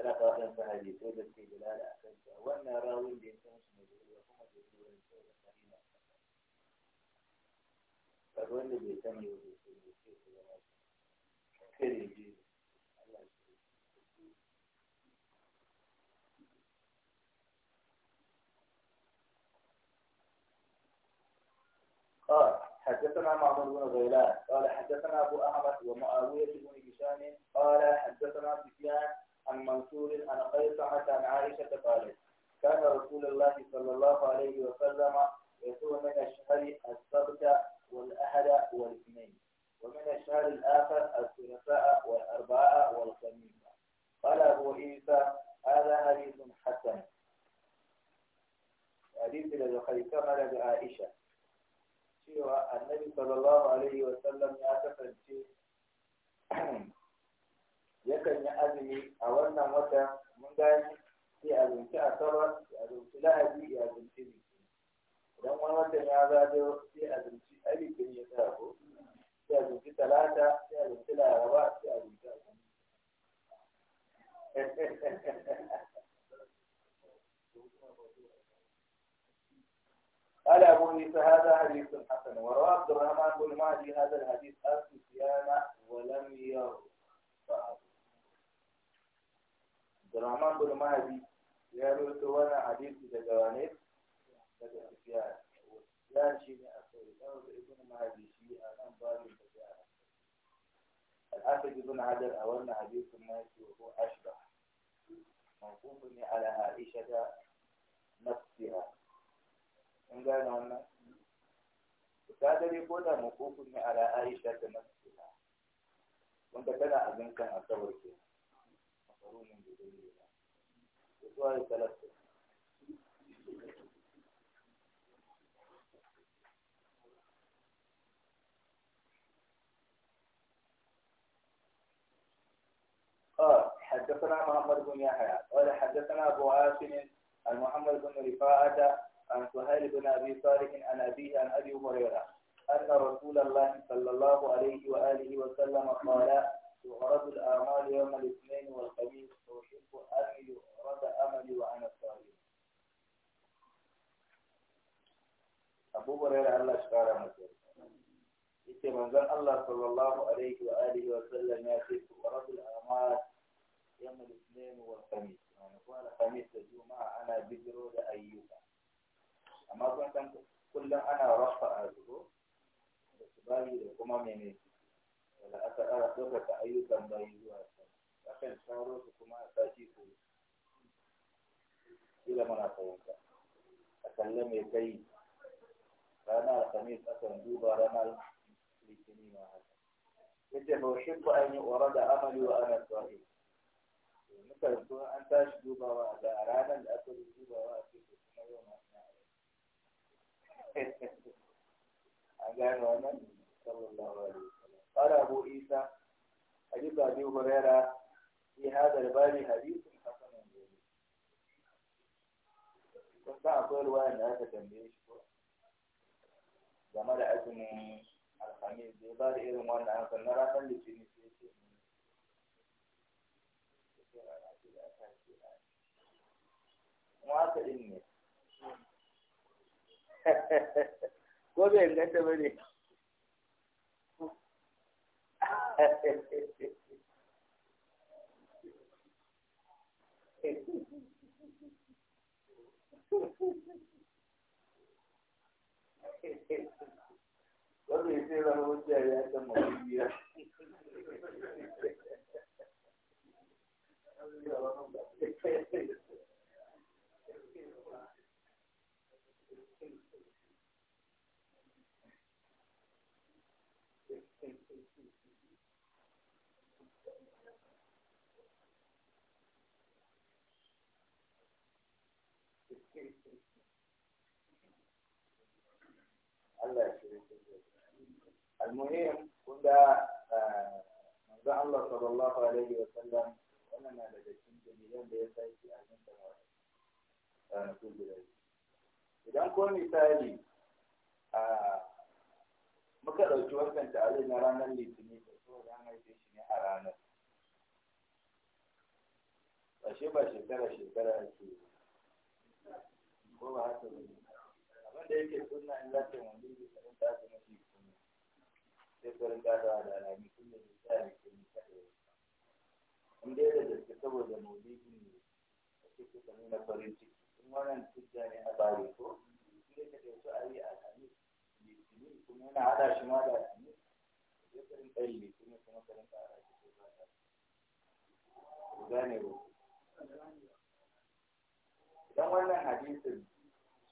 إلى قائم فهدي تولد في بلاد أكلتها وأن راوين دين كمش مجهول وكما تقول إن شاء الله قريبا فقال لي بيتم يوجد في المسيح كريجي حدثنا معمر بن غيلان قال حدثنا أبو أحمد ومعاوية بن هشام قال حدثنا سفيان عن منصور عن قيصعة عن عائشة قالت كان رسول الله صلى الله عليه وسلم يصوم من الشهر السبت والأحد والاثنين ومن الشهر الآخر الثلاثاء والأربعاء والخميس قال أبو عيسى هذا حديث حسن حديث الذي قد كمل بعائشة cewa annabi sallallahu alaihi wa sallam ya kasance yakan yi azumi a wannan wata mun gani sai a asabar ya zunci lahadi ya zunci biki idan wani wata ya zaje sai azumci alikin ya sa ko sai zunci talata sai zunci laraba sai azumci azumci (laughs) ألا بني فهذا حديث حسن ورواه عبد الرحمن بن ماجي هذا الحديث أبو سفيان ولم عبد الرحمن بن ماجي يعني وانا حديث إذا جوانب أبو سفيان وسفيان شيء من أسوري أبو ابن ماجي شيء أنا بالي بجاه الحسد ابن عدل أولنا حديث ماجي وهو أشبه موقوفني على عائشة نفسها انجانا وانا وكاد يقول موقوف من على عائشة نفسها وانت كلا أذن كان أصورك أصورون من جديد وسؤال ثلاثة حدثنا محمد بن يحيى قال حدثنا ابو عاصم محمد بن رفاعه عن سهيل بن أبي صالح عن أبيه عن أبي هريرة أن رسول الله صلى الله عليه وآله وسلم قال يغرض الأعمال يوم الاثنين والخميس وأحب أن يغرض أملي وأنا صائم Abu Hurairah Allah shi kara masa yace manzon Allah sallallahu alaihi wa alihi wa أحب أن أرد عملي وأنا صاحب مثل الدواء أن تشدو بواد أرانا لأكل في بواد في السماء وما أحنا أجان ومن صلى الله عليه وسلم قال أبو إيسى حديث أبي هريرة في هذا الباب حديث حسن جميل كنت أقول وأن هذا تنبيه شكرا جمال عزمي alhamis da ya ba da irin wannan amsar na ranar litinin ce ne (laughs) ko ba ne Thank (laughs) you. wanda ya ce da hujja ya san Thank you. Allah ya shirye shi almuhim kun ga manzo Allah sallallahu alaihi wa sallam wannan na daga cikin dalilan da ya sa shi a cikin ranakun guda idan ko misali muka ɗauki wannan ta'alil na ranar litinin da so ya haife shi ne a ranar ba shi ba shekara shekara ake ko ba haka ba ne da yake suna in za ta wani ne ta su mafi kuma sai ta rinta da alami kun da nisa ne kun yi kaɗai in dai da gaske saboda maulidi ne a cikin ta nuna farin ciki in wannan tijja ne a bari ko in dai ka su a yi alami litini kuma yana haɗa shi ma da alami sai ta rinta yi litini kuma ta rinta a ko ba ta ku gane ba idan wannan hadisin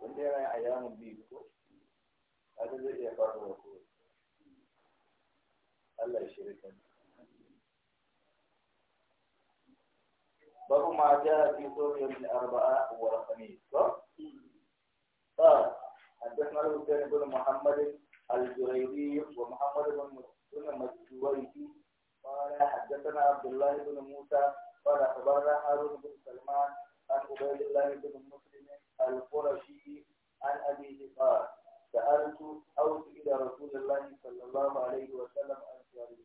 wanda yana ayyamin biyu ko haka zai iya faru wa kowa Allah ya shirka babu ma ja fi sawmi min arba'a wa khamis ko قال حدثنا الحسين بن محمد الجريري ومحمد بن بن مجويدي قال حدثنا عبد الله بن موسى قال اخبرنا هارون بن سلمان عن عبيد الله بن مسلم القرشي سألت أو إلى رسول الله صلى الله عليه وسلم أن شهر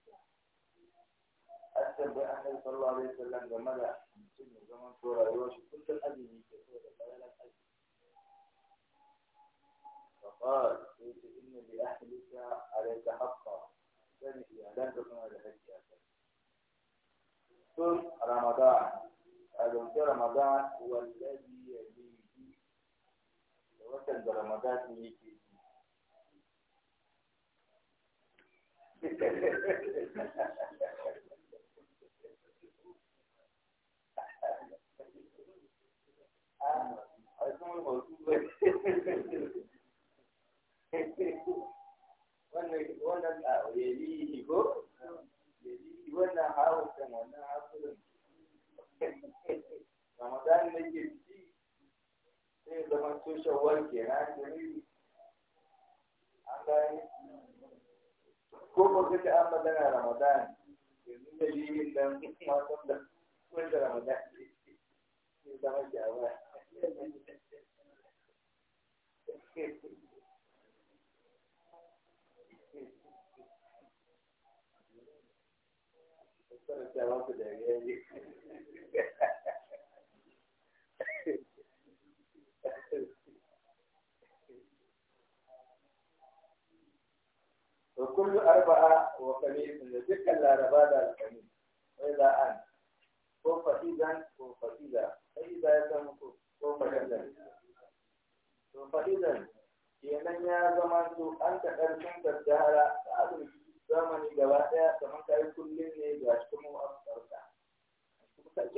أتبع أحد صلى الله عليه وسلم جمال سنة زمن صورة يوشي كنت الأزمي فقال قلت إن لأحلك عليك حقا سنة لا تكون على حجي أسد ثم رمضان هذا رمضان that we kullu arba'a wa kamisin da dukkan laraba da alkamis wai za an ko fasidan ko ya samu ko fasidan to fasidan kenan ya zama to an ka ƙarfin daddara da abin zamani gaba ɗaya kamar ka yi kullum ne ga shi kuma a farka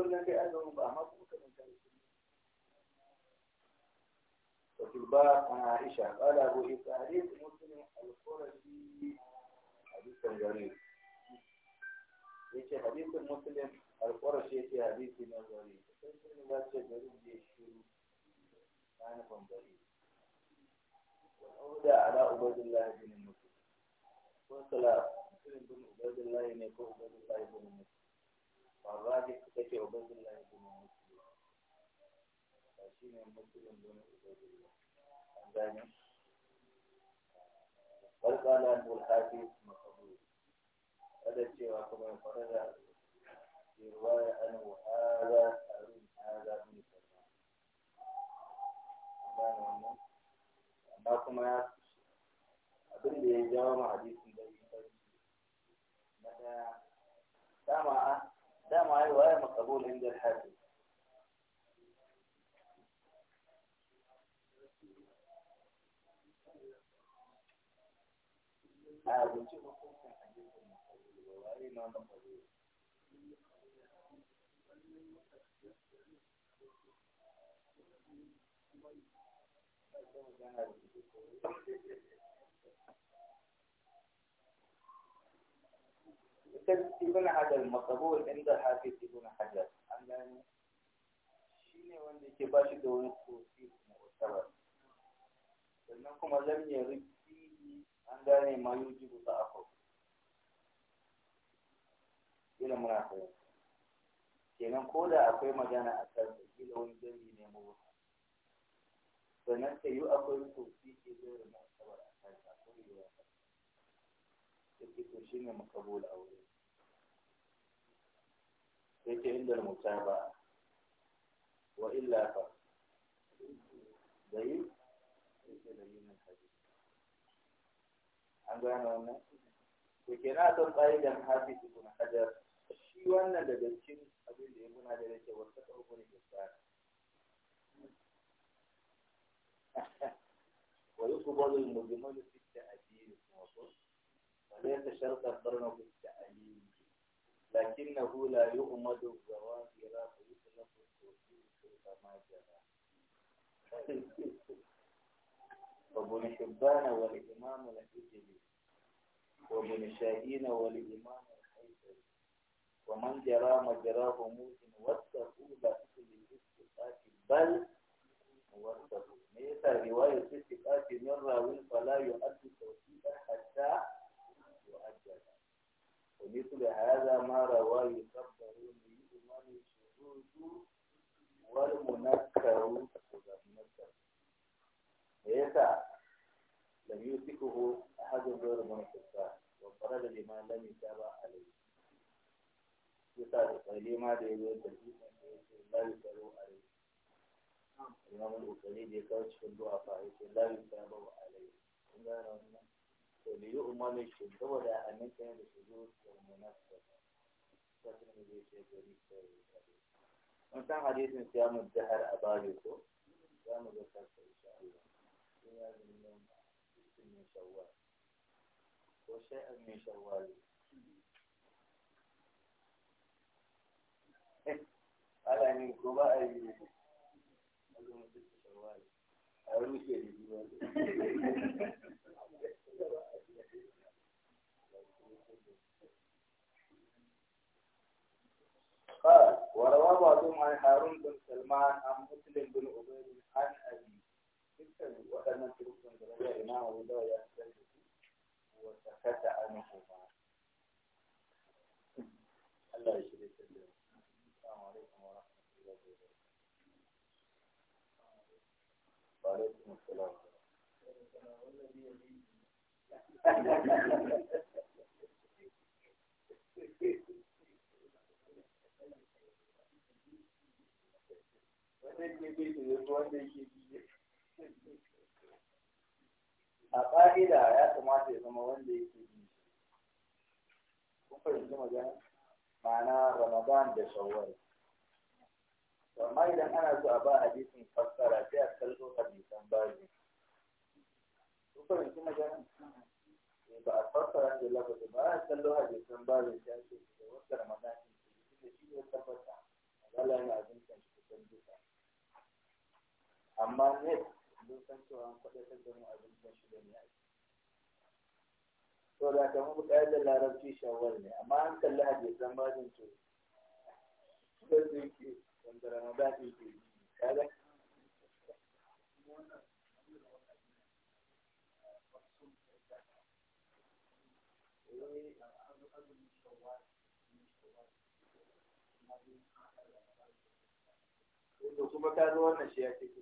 kuma ka في الباب عن عائشة قال أبو عيسى حديث مسلم القرشي حديث غريب يجي حديث مسلم القرشي يجي حديث غريب مسلم لا شيء غريب يشوف أنا كنت غريب وأودى على عبد الله بن مسلم وصل مسلم بن عبد الله نكو عبد الله بن مسلم والراجح تكي عبد الله بن مسلم فشين مسلم بن عبد الله الثاني والقلم والحديث مقبول هذا الشيء كما فرد في رواية أنه هذا أرون هذا من سلمان أما كما abin da ya jawo ma hadisin da ya yi na dama dama ya waya makabul inda al-hafiz ابن هذا المقبول عند الحافظ ابن حجر أنه شيني وندي كباشي دوني توصيف مؤتبر sannan kuma zan yi an gane ma yuji kusa a kau ila muna fahimta kenan ko da akwai magana a kansa kila wani dangi ne mu sannan ta yi akwai kofi ke zai da martabar a kansa ko yi wa da ke shi ne makabul a wurin sai ta inda mutaba wa illa ka. da yi an gane wannan to kenan kan ƙa'idan hafiz ibn hajar shi wannan daga cikin abin da ya muna da yake wasu ta uku ne gaskiya ويقبل المجمل في التأديل وليس شرط القرن في التأليل لكنه لا يؤمد الظواهر فيطلق التوحيد كما جرى وابن حبان والإمام الحجري وابن شاهين والإمام الحيثمي ومن جرى مجراه موت واتقوا لا الاستقاط بل واتقوا ليس رواية الاستقاط من راوي فلا يؤدي توثيقا حتى يؤجل ومثل هذا ما رواه يكبر من الشذوذ والمنكر هيتا لم يوثقه أحد غير من الكفار وفرد لما لم يتابع عليه يتابع لما ديوه تلقيه من ديوه لا يتابعه عليه الإمام الأوكالي ديكار شفن دو أفاعيه لا يتابعه عليه إنها رأينا فليؤمن شفن دو لا أمكان لشجور ومنافسة فاتن مجيشة جريسة وإنسان حديث من سيام الزهر أبا يوسف سيام الزهر إن شاء الله وشيئا من شوال ala ne ko ba a yi a rushe da biyu قال وروى بعضهم عن هارون بن سلمان عن مسلم بن عبيد عن ابي waɗannan turkun da zai imama wuda ya san da su wata kasa a nan kuma Allah ya shirya ta da Assalamu alaikum wa rahmatullahi wa barakatuh. Wa alaikum assalam. Wannan ke bai da wanda yake a ƙa'ida ya kamata ya zama wanda yake bi kun fahimci magana ma'ana ramadan da shawwal amma idan ana so a ba hadisin fassara sai a kallo hadisan bazi kun fahimci magana eh, ba a fassara da lafazi ba a kallo hadisan bazi sai a ce da wasu ramadan da shi ne tabbata a zalayen abin kan shi amma ne sun san cewa an kwaɗaitar da mu abincin shi da ne a to da kamar buƙatar da larabci shawar ne amma an kalli hadisan bajin to da su yake wanda ramadan yake yi kada to kuma ka zo wannan shi ya ce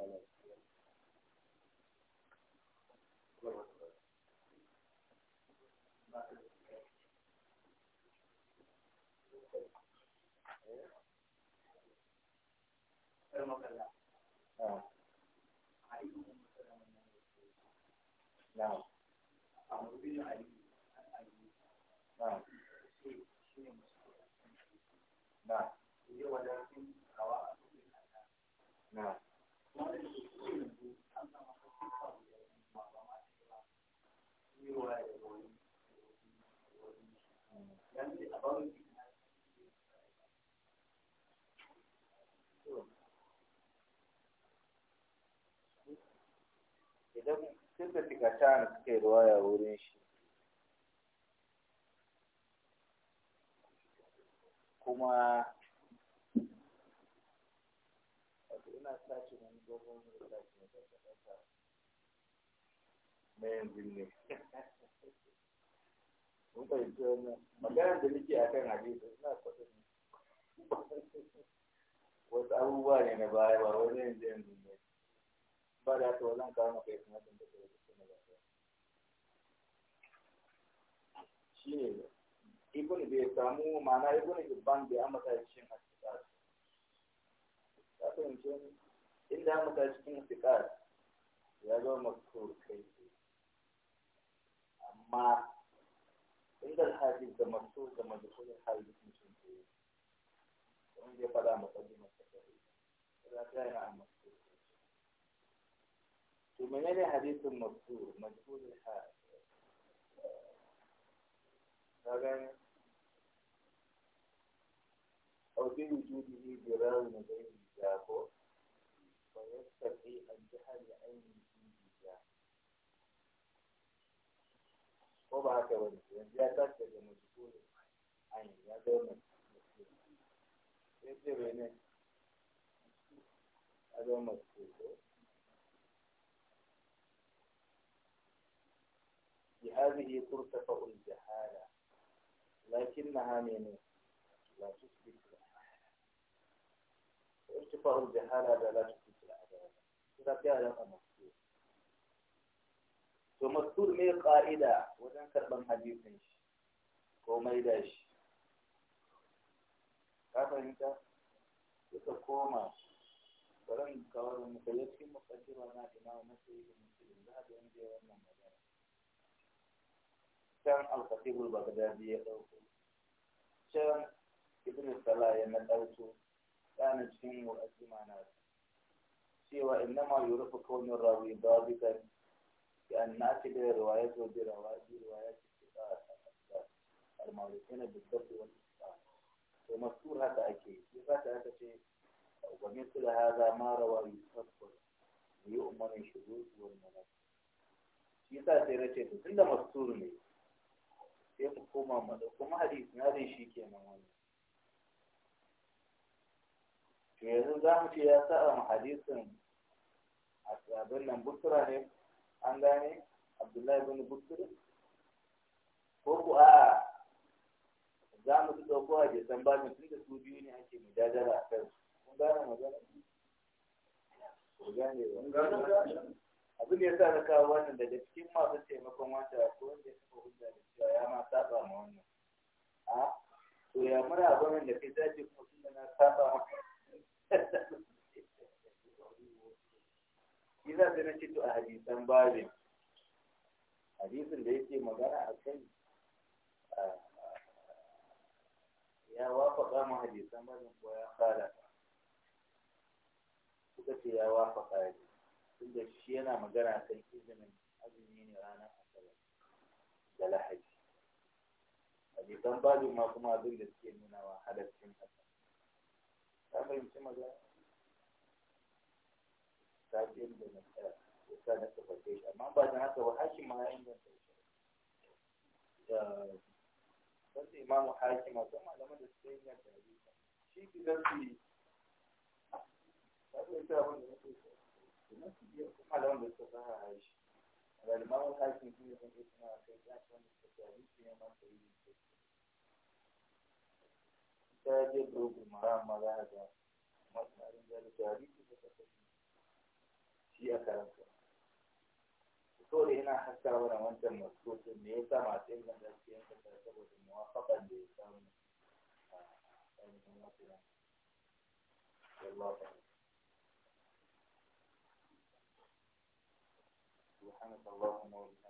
da na'am na'am na'am na'am suka tikata na suka yi ruwaya wurin shi kuma ina sace wani dogon sace na yanzu ne mun fahimci wannan maganar da nake a kan ina kwaɗin wasu abubuwa ne na baya ba wani yanzu yanzu ne ba da ta wannan kawo maka yakin hakan da kuma cikin da ba shi ne ibn bai samu ma'ana ibn hibban bai amata cikin asiqat ta fahimci wani inda amata cikin asiqat ya zo maksur kai amma inda alhaji da maksur da majalisar alhaji mutum ke yi wanda ya faɗa matsali masu kai za ta yi na amma منين حديث مذكور مذكور الحال فاهم أو بوجوده براو بين جابه ويستطيع الجهل عن وجوده وبعد ولد يا تكتب مذكور عين يا دوم يجب هنا هذا هذه ترتفع الجهالة لكنها من لا تثبت العدالة ارتفاع الجهالة هذا لا تثبت العدالة إذا كان هذا مكتوب ثم مكتوب من قاعدة وزن كرب الحديث نيش كوما إيداش كيف أنت؟ كيف كوما؟ فلن كوما مكيسكي مكتوب أنا إمام مسيح المسلم ذهب أنت يا كان الخطيب البغدادي يقول كان ابن الصلاة يندوكو كان جهين والأزمانات سوى إنما يعرف كون الراوي ضابطا بأن نعتبر روايته برواية روايات الثقات المعروفين بالضبط والإتقان ومذكور هذا أكيد لفات هذا شيء ومثل هذا ما روى يستقبل ليؤمن الشذوذ والمنافق shi sa عند na ce sai ku koma mu da kuma hadisi na shi kenan wannan to yanzu za mu ce ya sa'a hadisin a sabon nan busra ne an gane abdullahi bin busra ko ku a za mu ci ɗauko a jesan ba tun da su biyu ne ake mujadala a kansu kun gane magana? gane abin da ya sa na kawo wannan daga cikin masu taimakon wata ko wanda ya taɓa hujja da cewa ya ma saba ma wannan a to ya mura abin da kai zaje kuma tunda na saba ma (laughs) shi za ta nace to a hadisan babin hadisin da yake magana a kai ya wafaka mu hadisan babin ko ya fara ka ce ya wafaka ne tunda shi yana magana kan izinin azumi ne ranar asabar da lahadi hadisan babu ma kuma abin da suke nuna wa halaccin haka ta fahimci magana ta fi da na tsaya ya sa na tabbace shi amma ba da haka ba hakim ma ya inganta shi da wasu imamu hakim a kuma malaman da suke inganta shi shi ki zarfi ta fi ta abin da na so Eu não sabia, eu tô falando, eu tô falando. Agora, uma vontade que eu tinha com isso na federação de especialista em uma política. Isso é de grupo, uma malada. Mas na o de teoria, você está shi ya karanta so da yana haska wani wancan masu me yasa masu yin ganda vai yin ganda saboda mawafakan da ya samu a ɗan yin wasu yana سبحانك اللهم وبحمدك